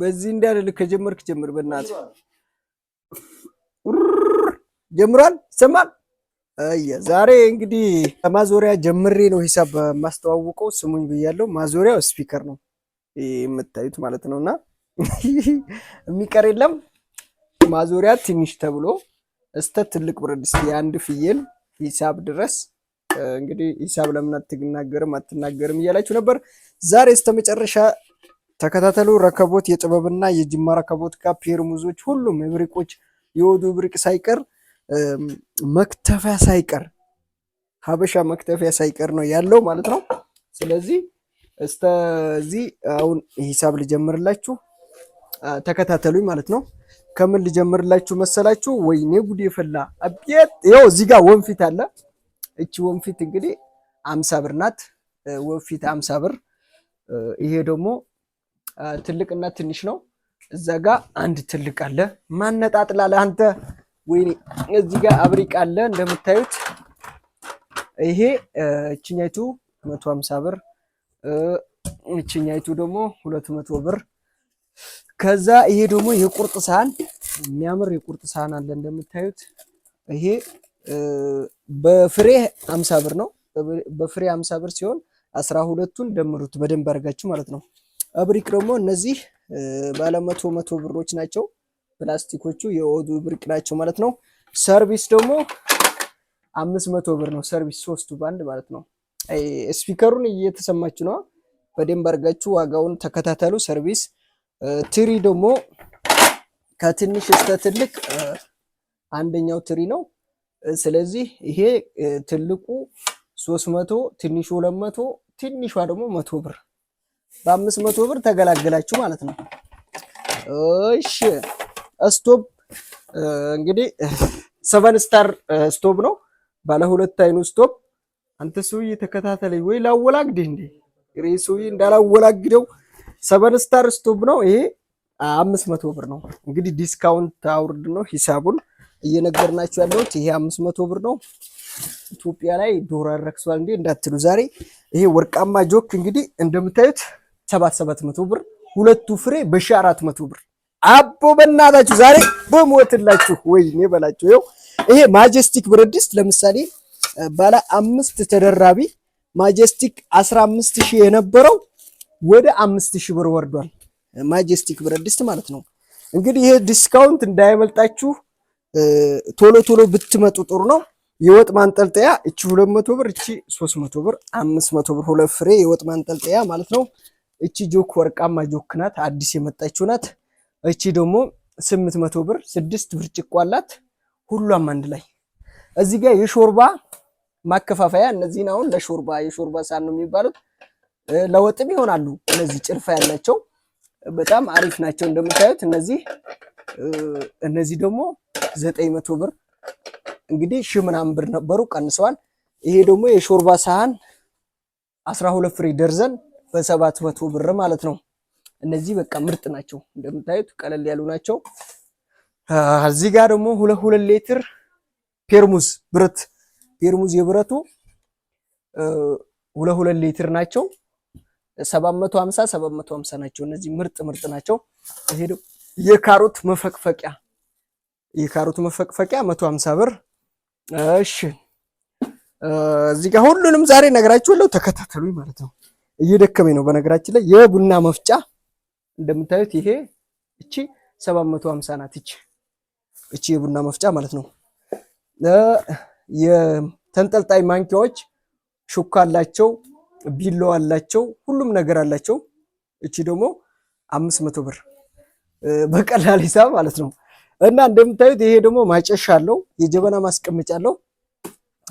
በዚህ እንዳልልህ ከጀመርክ ጀምር። በእናት ጀምሯል፣ ይሰማል። አየ ዛሬ እንግዲህ ከማዞሪያ ጀምሬ ነው ሂሳብ ማስተዋውቀው። ስሙኝ ብያለው። ማዞሪያው ስፒከር ነው የምታዩት ማለት ነው። እና የሚቀር የለም ማዞሪያ ትንሽ ተብሎ እስተ ትልቅ ብረድስ የአንድ ፍየል ሂሳብ ድረስ እንግዲህ ሂሳብ ለምን አትናገርም አትናገርም እያላችሁ ነበር። ዛሬ እስተ መጨረሻ ተከታተሉ። ረከቦት የጥበብና የጅማ ረከቦት ጋር ፔርሙዞች፣ ሁሉም እብሪቆች፣ የወዱ እብሪቅ ሳይቀር መክተፊያ ሳይቀር ሀበሻ መክተፊያ ሳይቀር ነው ያለው ማለት ነው። ስለዚህ እስተዚህ አሁን ሂሳብ ልጀምርላችሁ፣ ተከታተሉኝ ማለት ነው። ከምን ልጀምርላችሁ መሰላችሁ? ወይኔ ጉድ የፈላ አቤት! ይኸው እዚህ ጋር ወንፊት አለ። እቺ ወንፊት እንግዲህ አምሳ ብር ናት። ወንፊት አምሳ ብር። ይሄ ደግሞ ትልቅና ትንሽ ነው። እዛ ጋ አንድ ትልቅ አለ። ማነጣጥላለ አንተ ወይኔ። እዚህ ጋር አብሪቅ አለ እንደምታዩት። ይሄ እችኛይቱ መቶ ብር እችኛይቱ ደግሞ 200 መቶ ብር። ከዛ ይሄ ደግሞ የቁርጥ ሳህን የሚያምር የቁርጥ ሳህን አለ እንደምታዩት። ይሄ በፍሬ 50 ብር ነው። በፍሬ 50 ብር ሲሆን አስራ ሁለቱን ደምሩት በደንብ አድርጋችሁ ማለት ነው። ብሪክ ደግሞ እነዚህ ባለ መቶ መቶ ብሮች ናቸው። ፕላስቲኮቹ የኦዱ ብሪክ ናቸው ማለት ነው። ሰርቪስ ደግሞ አምስት መቶ ብር ነው። ሰርቪስ ሶስቱ ባንድ ማለት ነው። ስፒከሩን እየተሰማችሁ ነው። በደንብ አድርጋችሁ ዋጋውን ተከታተሉ። ሰርቪስ ትሪ ደግሞ ከትንሽ እስከ ትልቅ አንደኛው ትሪ ነው። ስለዚህ ይሄ ትልቁ ሶስት መቶ ትንሹ ሁለት መቶ ትንሿ ደግሞ መቶ ብር በአምስት መቶ ብር ተገላገላችሁ ማለት ነው። እሺ ስቶብ እንግዲህ ሰቨን ስታር ስቶብ ነው። ባለ ሁለት አይኑ ስቶብ። አንተ ሰውዬ ተከታተለኝ ወይ ላወላግድ እንዴ? ሬ ሰውዬ እንዳላወላግደው። ሰቨን ስታር ስቶብ ነው ይሄ አምስት መቶ ብር ነው። እንግዲህ ዲስካውንት አውርድ ነው ሂሳቡን እየነገርናችሁ ያለሁት። ይሄ አምስት መቶ ብር ነው። ኢትዮጵያ ላይ ዶሮ ያረክሷል እንዴ እንዳትሉ፣ ዛሬ ይሄ ወርቃማ ጆክ እንግዲህ እንደምታዩት ሰባት ሰባት መቶ ብር ሁለቱ ፍሬ በሺ አራት መቶ ብር። አቦ በእናታችሁ ዛሬ በሞትላችሁ ወይኔ በላችሁ። ይኸው ይሄ ማጀስቲክ ብረት ድስት ለምሳሌ ባለ አምስት ተደራቢ ማጀስቲክ 15 ሺህ የነበረው ወደ አምስት ሺህ ብር ወርዷል። ማጀስቲክ ብረት ድስት ማለት ነው። እንግዲህ ይሄ ዲስካውንት እንዳይበልጣችሁ ቶሎ ቶሎ ብትመጡ ጥሩ ነው። የወጥ ማንጠልጠያ እቺ 200 ብር፣ እቺ 300 ብር፣ 500 ብር ሁለት ፍሬ የወጥ ማንጠልጠያ ማለት ነው። እቺ ጆክ ወርቃማ ጆክ ናት፣ አዲስ የመጣችው ናት። እቺ ደግሞ 800 ብር፣ ስድስት ብርጭቆ አላት። ሁሏም አንድ ላይ እዚህ ጋር የሾርባ ማከፋፈያ እነዚህን አሁን ለሾርባ የሾርባ ሳህን ነው የሚባሉት። ለወጥም ይሆናሉ። እነዚህ ጭልፋ ያላቸው በጣም አሪፍ ናቸው እንደምታዩት። እነዚህ እነዚህ ደግሞ 900 ብር እንግዲህ ሺህ ምናምን ብር ነበሩ ቀንሰዋል። ይሄ ደግሞ የሾርባ ሳህን 12 ፍሬ ደርዘን በሰባት መቶ ብር ማለት ነው። እነዚህ በቃ ምርጥ ናቸው፣ እንደምታዩት ቀለል ያሉ ናቸው። እዚህ ጋር ደግሞ ሁለት ሁለት ፔርሙዝ ብረት ፔርሙዝ የብረቱ ሁለት ሁለት ናቸው 750 750 ናቸው። እነዚህ ምርጥ ምርጥ ናቸው። ይሄ የካሮት መፈቅፈቂያ የካሮት መፈቅፈቂያ 150 ብር እሺ እዚህ ጋር ሁሉንም ዛሬ ነግራችኋለሁ። ተከታተሉኝ ማለት ነው። እየደከመኝ ነው። በነገራችን ላይ የቡና መፍጫ እንደምታዩት ይሄ እቺ 750 ናት። እቺ እቺ የቡና መፍጫ ማለት ነው። የተንጠልጣይ ማንኪያዎች ሹካ አላቸው፣ ቢሎ አላቸው፣ ሁሉም ነገር አላቸው። እቺ ደግሞ 500 ብር በቀላል ሂሳብ ማለት ነው። እና እንደምታዩት ይሄ ደግሞ ማጨሻ አለው፣ የጀበና ማስቀመጫ አለው።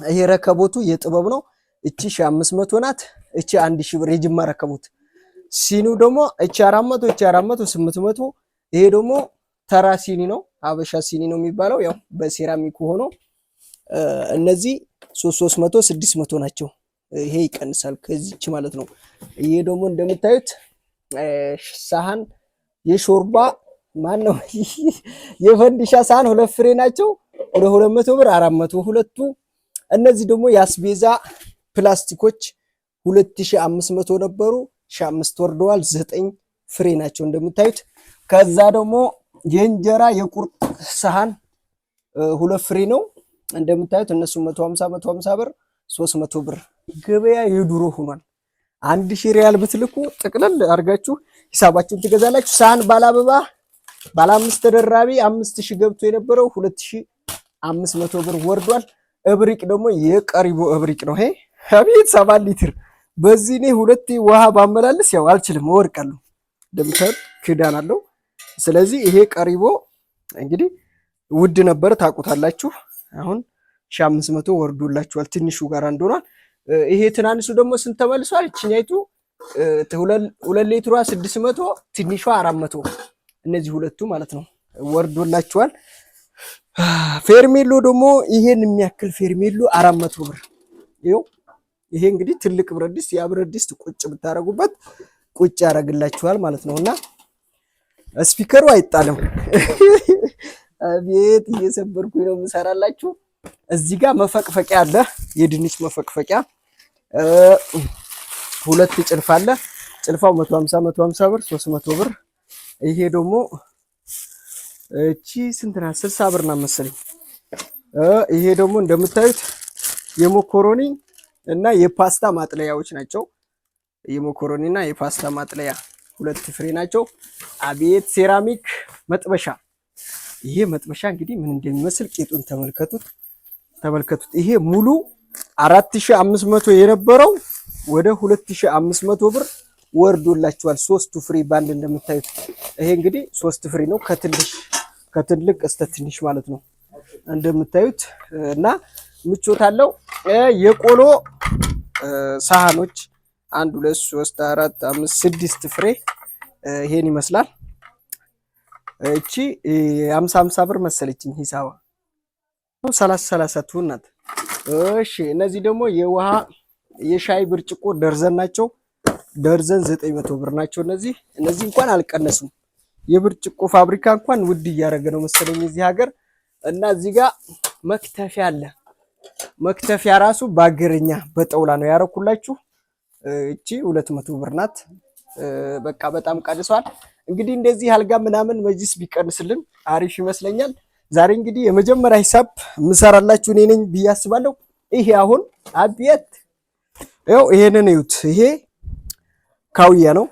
ይሄ ረከቦቱ የጥበብ ነው። እቺ 500 ናት። እቺ 1000 ብር የጅማ ረከቦት። ሲኒው ደግሞ እቺ 400፣ እቺ 400፣ 800። ይሄ ደግሞ ተራ ሲኒ ነው፣ አበሻ ሲኒ ነው የሚባለው። ያው በሴራሚክ ሆኖ እነዚህ 300፣ 600 ናቸው። ይሄ ይቀንሳል ከዚች ማለት ነው። ይሄ ደግሞ እንደምታዩት ሳህን የሾርባ ማን ነው የፈንዲሻ ሳህን ሁለት ፍሬ ናቸው። ወደ ሁለት መቶ ብር አራት መቶ ሁለቱ። እነዚህ ደግሞ የአስቤዛ ፕላስቲኮች ሁለት ሺህ አምስት መቶ ነበሩ፣ ሺህ አምስት ወርደዋል። ዘጠኝ ፍሬ ናቸው እንደምታዩት። ከዛ ደግሞ የእንጀራ የቁርጥ ሳህን ሁለት ፍሬ ነው እንደምታዩት። እነሱ መቶ ሀምሳ መቶ ሀምሳ ብር ሶስት መቶ ብር። ገበያ የድሮ ሆኗል። አንድ ሺህ ሪያል ብትልኩ ጥቅልል አድርጋችሁ ሂሳባችሁን ትገዛላችሁ። ሳህን ባለ አበባ ባለ አምስት ተደራቢ አምስት ሺህ ገብቶ የነበረው ሁለት ሺህ አምስት መቶ ብር ወርዷል። እብሪቅ ደግሞ የቀሪቦ እብሪቅ ነው። ሄ አቤት ሰባት ሊትር በዚህ እኔ ሁለት ውሃ ባመላልስ ያው አልችልም፣ እወድቃለሁ። ደምተር ክዳን አለው። ስለዚህ ይሄ ቀሪቦ እንግዲህ ውድ ነበር ታውቁታላችሁ። አሁን ሺህ አምስት መቶ ወርዶላችኋል። ትንሹ ጋር አንድ ይሄ ትናንሱ ደግሞ ስንት ተመልሷል? ችኛይቱ ሁለት ሌትሯ ስድስት መቶ ትንሿ አራት መቶ እነዚህ ሁለቱ ማለት ነው ወርዶላችኋል። ፌርሜሎ ደግሞ ይሄን የሚያክል ፌርሜሎ አራት መቶ ብር ይኸው። ይሄ እንግዲህ ትልቅ ብረት ድስት ያ ብረት ድስት ቁጭ ብታደረጉበት ቁጭ ያደረግላችኋል ማለት ነው። እና ስፒከሩ አይጣልም። ቤት እየሰበርኩ ነው የምሰራላችሁ። እዚህ ጋር መፈቅፈቂያ አለ፣ የድንች መፈቅፈቂያ ሁለት ጭልፍ አለ። ጭልፋው 150 150 ብር 300 ብር ይሄ ደግሞ እቺ ስንት ናት? ስልሳ ብር ናት መሰለኝ። ይሄ ደግሞ እንደምታዩት የሞኮሮኒ እና የፓስታ ማጥለያዎች ናቸው። የሞኮሮኒ እና የፓስታ ማጥለያ ሁለት ፍሬ ናቸው። አቤት ሴራሚክ መጥበሻ። ይሄ መጥበሻ እንግዲህ ምን እንደሚመስል ቂጡን ተመልከቱት፣ ተመልከቱት። ይሄ ሙሉ 4500 የነበረው ወደ 2500 ብር ወርዶላችኋል። ሶስቱ ፍሬ ባንድ እንደምታዩት ይሄ እንግዲህ ሶስት ፍሬ ነው ከትልቅ ከትልቅ እስተ ትንሽ ማለት ነው እንደምታዩት እና ምቾት አለው። የቆሎ ሳህኖች አንድ ሁለት ሶስት አራት አምስት ስድስት ፍሬ ይሄን ይመስላል። እቺ አምሳ አምሳ ብር መሰለችኝ ሂሳባ ነው ሰላሳ ሰላሳ ትሁን ናት። እሺ እነዚህ ደግሞ የውሃ የሻይ ብርጭቆ ደርዘን ናቸው። ደርዘን ዘጠኝ መቶ ብር ናቸው እነዚህ እነዚህ እንኳን አልቀነሱም። የብርጭቆ ፋብሪካ እንኳን ውድ እያደረገ ነው መሰለኝ እዚህ ሀገር እና እዚህ ጋር መክተፊያ አለ። መክተፊያ ራሱ በአገርኛ በጠውላ ነው ያረኩላችሁ። እቺ ሁለት መቶ ብር ናት። በቃ በጣም ቀንሷል። እንግዲህ እንደዚህ አልጋ ምናምን መጅስ ቢቀንስልን አሪፍ ይመስለኛል። ዛሬ እንግዲህ የመጀመሪያ ሂሳብ ምሰራላችሁ እኔ ነኝ ብዬ አስባለሁ። ይሄ አሁን አብየት ይኸው ይሄንን እዩት ይሄ ካውያ ነው።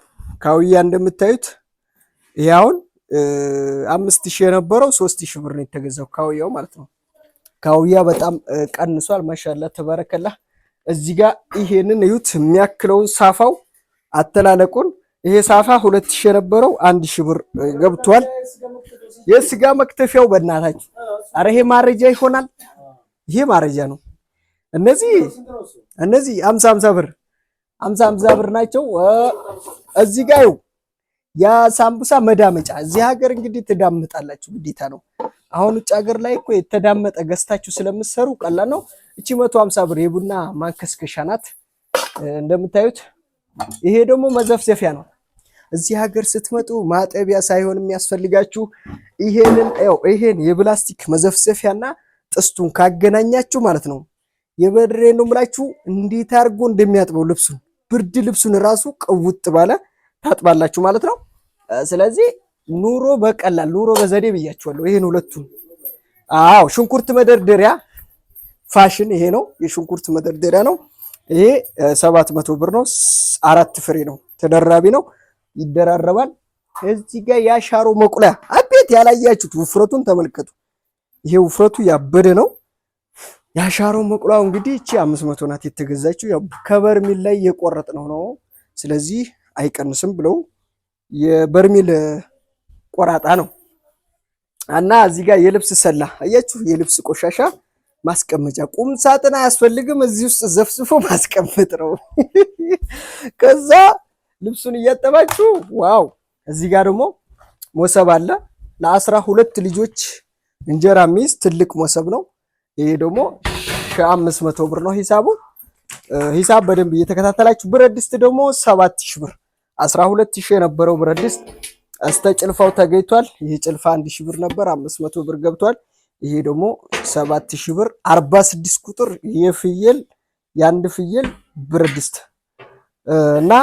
ካውያ እንደምታዩት ይሄ አምስት ሺህ የነበረው ሶስት ሺህ ብር ነው የተገዛው ካውያው ማለት ነው። ካውያ በጣም ቀንሷል። ማሻላ ተባረከላ። እዚህ ጋ ይሄንን እዩት የሚያክለውን ሳፋው አተላለቁን። ይሄ ሳፋ ሁለት ሺህ የነበረው አንድ ሺህ ብር ገብቷል። የስጋ መክተፊያው በእናታችሁ አረ ይሄ ማረጃ ይሆናል። ይሄ ማረጃ ነው። እነዚህ እነዚህ አምሳ አምሳ ብር አምሳ አምሳ ብር ናቸው። እዚህ ጋር ይኸው የሳምቡሳ መዳመጫ እዚህ ሀገር እንግዲህ ትዳምጣላችሁ ግዴታ ነው። አሁን ውጭ ሀገር ላይ እኮ የተዳመጠ ገዝታችሁ ስለምትሰሩ ቀላል ነው። እቺ መቶ አምሳ ብር የቡና ማንከስከሻ ናት እንደምታዩት። ይሄ ደግሞ መዘፍዘፊያ ነው። እዚህ ሀገር ስትመጡ ማጠቢያ ሳይሆን የሚያስፈልጋችሁ ይሄንን ያው ይሄን የፕላስቲክ መዘፍዘፊያና ጥስቱን ካገናኛችሁ ማለት ነው የበድሬ ነው የምላችሁ እንዴት አድርጎ እንደሚያጥበው ልብሱን ብርድ ልብሱን ራሱ ቅውጥ ባለ ታጥባላችሁ ማለት ነው። ስለዚህ ኑሮ በቀላል ኑሮ በዘዴ ብያችኋለሁ። ይሄን ሁለቱን አዎ፣ ሽንኩርት መደርደሪያ ፋሽን ይሄ ነው። የሽንኩርት መደርደሪያ ነው ይሄ። ሰባት መቶ ብር ነው። አራት ፍሬ ነው። ተደራቢ ነው፣ ይደራረባል። እዚህ ጋር ያሻሮ መቁለያ አቤት! ያላያችሁት ውፍረቱን ተመልከቱ። ይሄ ውፍረቱ ያበደ ነው። የአሻሮ መቁላው እንግዲህ እቺ 500 ናት የተገዛችው። ያው ከበርሚል ላይ የቆረጥ ነው ነው ስለዚህ አይቀንስም ብለው የበርሚል ቆራጣ ነው እና እዚህ ጋር የልብስ ሰላ አያችሁ፣ የልብስ ቆሻሻ ማስቀመጫ ቁም ሳጥን አያስፈልግም። እዚህ ውስጥ ዘፍዝፎ ማስቀመጥ ነው። ከዛ ልብሱን እያጠባችሁ ዋው። እዚህ ጋር ደግሞ ሞሰብ አለ ለአስራ ሁለት ልጆች እንጀራ የሚይዝ ትልቅ ሞሰብ ነው። ይሄ ደግሞ ሺህ መቶ ብር ነው ሂሳቡ። ሂሳብ በደንብ እየተከታተላችሁ። ብረት ድስት ደግሞ ሰባት ሺህ ብር፣ አስራ ሁለት ሺህ የነበረው ብረት ድስት እስተ ጭልፋው ተገኝቷል። ይሄ ጭልፋ አንድ ሺህ ብር ነበር፣ አምስት መቶ ብር ገብቷል። ይሄ ደግሞ ሰባት ሺህ ብር፣ አርባ ስድስት ቁጥር የፍየል የአንድ ፍየል ብረት ድስት እና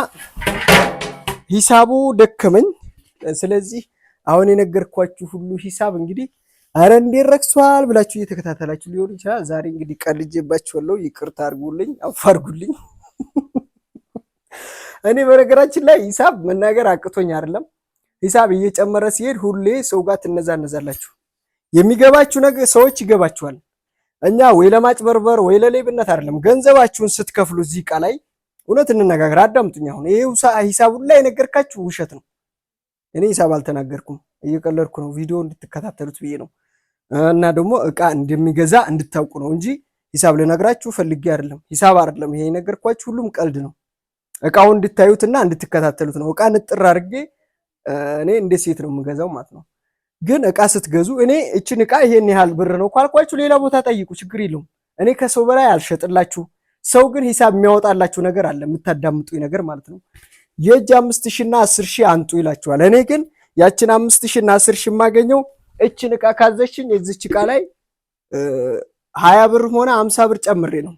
ሂሳቡ ደከመኝ። ስለዚህ አሁን የነገርኳችሁ ሁሉ ሂሳብ እንግዲህ አረ እንዴት ረክሷል ብላችሁ እየተከታተላችሁ ሊሆን ይችላል። ዛሬ እንግዲህ ቀልጄባችኋለሁ። ይቅርታ አድርጉልኝ፣ አፋርጉልኝ። እኔ በነገራችን ላይ ሂሳብ መናገር አቅቶኝ አይደለም። ሂሳብ እየጨመረ ሲሄድ ሁሌ ሰው ጋር ትነዛነዛላችሁ። የሚገባችሁ ነገር ሰዎች ይገባችኋል። እኛ ወይ ለማጭበርበር ወይ ለሌብነት አይደለም። ገንዘባችሁን ስትከፍሉ እዚህ ዕቃ ላይ እውነት እንነጋገር። አዳምጡኝ። አሁን ይሄ ሂሳቡ ላይ የነገርካችሁ ውሸት ነው። እኔ ሂሳብ አልተናገርኩም፣ እየቀለድኩ ነው። ቪዲዮ እንድትከታተሉት ብዬ ነው። እና ደግሞ እቃ እንደሚገዛ እንድታውቁ ነው እንጂ ሂሳብ ልነግራችሁ ፈልጌ አይደለም። ሂሳብ አይደለም ይሄ ነገርኳችሁ፣ ሁሉም ቀልድ ነው። እቃውን እንድታዩትና እንድትከታተሉት ነው። እቃ ንጥር አድርጌ እኔ እንደ ሴት ነው የምገዛው ማለት ነው። ግን እቃ ስትገዙ እኔ እችን እቃ ይሄን ያህል ብር ነው ካልኳችሁ ሌላ ቦታ ጠይቁ፣ ችግር የለውም። እኔ ከሰው በላይ አልሸጥላችሁ። ሰው ግን ሂሳብ የሚያወጣላችሁ ነገር አለ፣ የምታዳምጡ ነገር ማለት ነው። የእጅ አምስት ሺና አስር ሺ አንጡ ይላችኋል። እኔ ግን ያችን አምስት ሺና አስር ሺ የማገኘው እችን እቃ ካዘሽኝ የዚች እቃ ላይ ሀያ ብር ሆነ አምሳ ብር ጨምሬ ነው።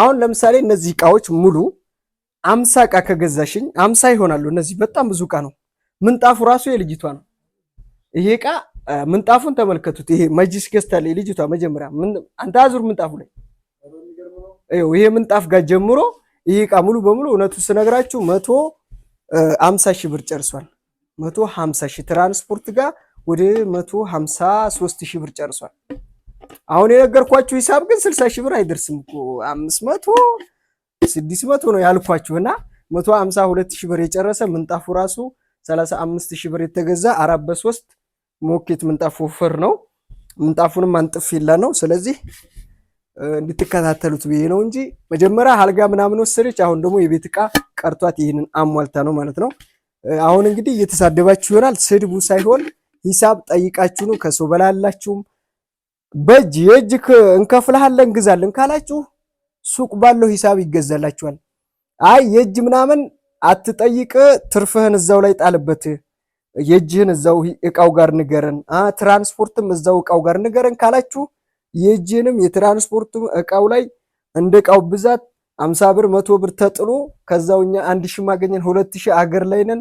አሁን ለምሳሌ እነዚህ እቃዎች ሙሉ አምሳ እቃ ከገዛሽኝ አምሳ ይሆናሉ። እነዚህ በጣም ብዙ እቃ ነው። ምንጣፉ ራሱ የልጅቷ ነው። ይሄ እቃ ምንጣፉን ተመልከቱት። ይሄ መጅስ ገዝታለች የልጅቷ መጀመሪያ። አንተ አዙር ምንጣፉ ላይ ይሄ ምንጣፍ ጋር ጀምሮ ይሄ እቃ ሙሉ በሙሉ እውነቱ ስነግራችሁ መቶ አምሳ ሺህ ብር ጨርሷል። መቶ ሀምሳ ሺህ ትራንስፖርት ጋር ወደ 153 ሺህ ብር ጨርሷል። አሁን የነገርኳችሁ ሂሳብ ግን 60 ሺህ ብር አይደርስም እኮ 500 600 ነው ያልኳችሁና 152 ሺህ ብር የጨረሰ ምንጣፉ ራሱ 35 ሺህ ብር የተገዛ አራት በሶስት ሞኬት ምንጣፍ ወፈር ነው። ምንጣፉንም አንጥፍ ይላ ነው። ስለዚህ እንድትከታተሉት ብዬ ነው እንጂ መጀመሪያ አልጋ ምናምን ወሰደች። አሁን ደግሞ የቤት ዕቃ ቀርቷት ይህንን አሟልታ ነው ማለት ነው። አሁን እንግዲህ እየተሳደባችሁ ይሆናል። ስድቡ ሳይሆን ሂሳብ ጠይቃችሁ ነው ከሰው በላላችሁም። በእጅ የእጅ እንከፍልሃለን እንግዛለን ካላችሁ ሱቅ ባለው ሂሳብ ይገዛላችኋል። አይ የእጅ ምናምን አትጠይቅ፣ ትርፍህን እዛው ላይ ጣልበት። የእጅህን እዛው እቃው ጋር ንገረን፣ ትራንስፖርትም እዛው እቃው ጋር ንገረን ካላችሁ የእጅህንም የትራንስፖርትም እቃው ላይ እንደ እቃው ብዛት አምሳ ብር መቶ ብር ተጥሎ ከዛው እኛ አንድ ሺህ ማገኘን ሁለት ሺህ አገር ላይ ነን።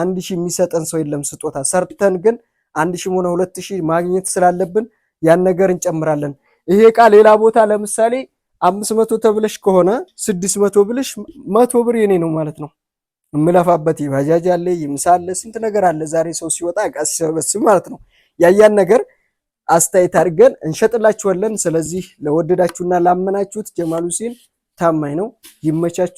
አንድ ሺህ የሚሰጠን ሰው የለም ስጦታ ሰርተን ግን አንድ ሺህም ሆነ ሁለት ሺህ ማግኘት ስላለብን ያን ነገር እንጨምራለን። ይሄ እቃ ሌላ ቦታ ለምሳሌ አምስት መቶ ተብለሽ ከሆነ ስድስት መቶ ብለሽ መቶ ብር የኔ ነው ማለት ነው። የምለፋበት የባጃጅ አለ የምሳ አለ ስንት ነገር አለ። ዛሬ ሰው ሲወጣ እቃ ሲሰበስብ ማለት ነው ያያን ነገር አስተያየት አድርገን እንሸጥላችኋለን። ስለዚህ ለወደዳችሁና ላመናችሁት ጀማል ሁሴን ታማኝ ነው። ይመቻችሁ።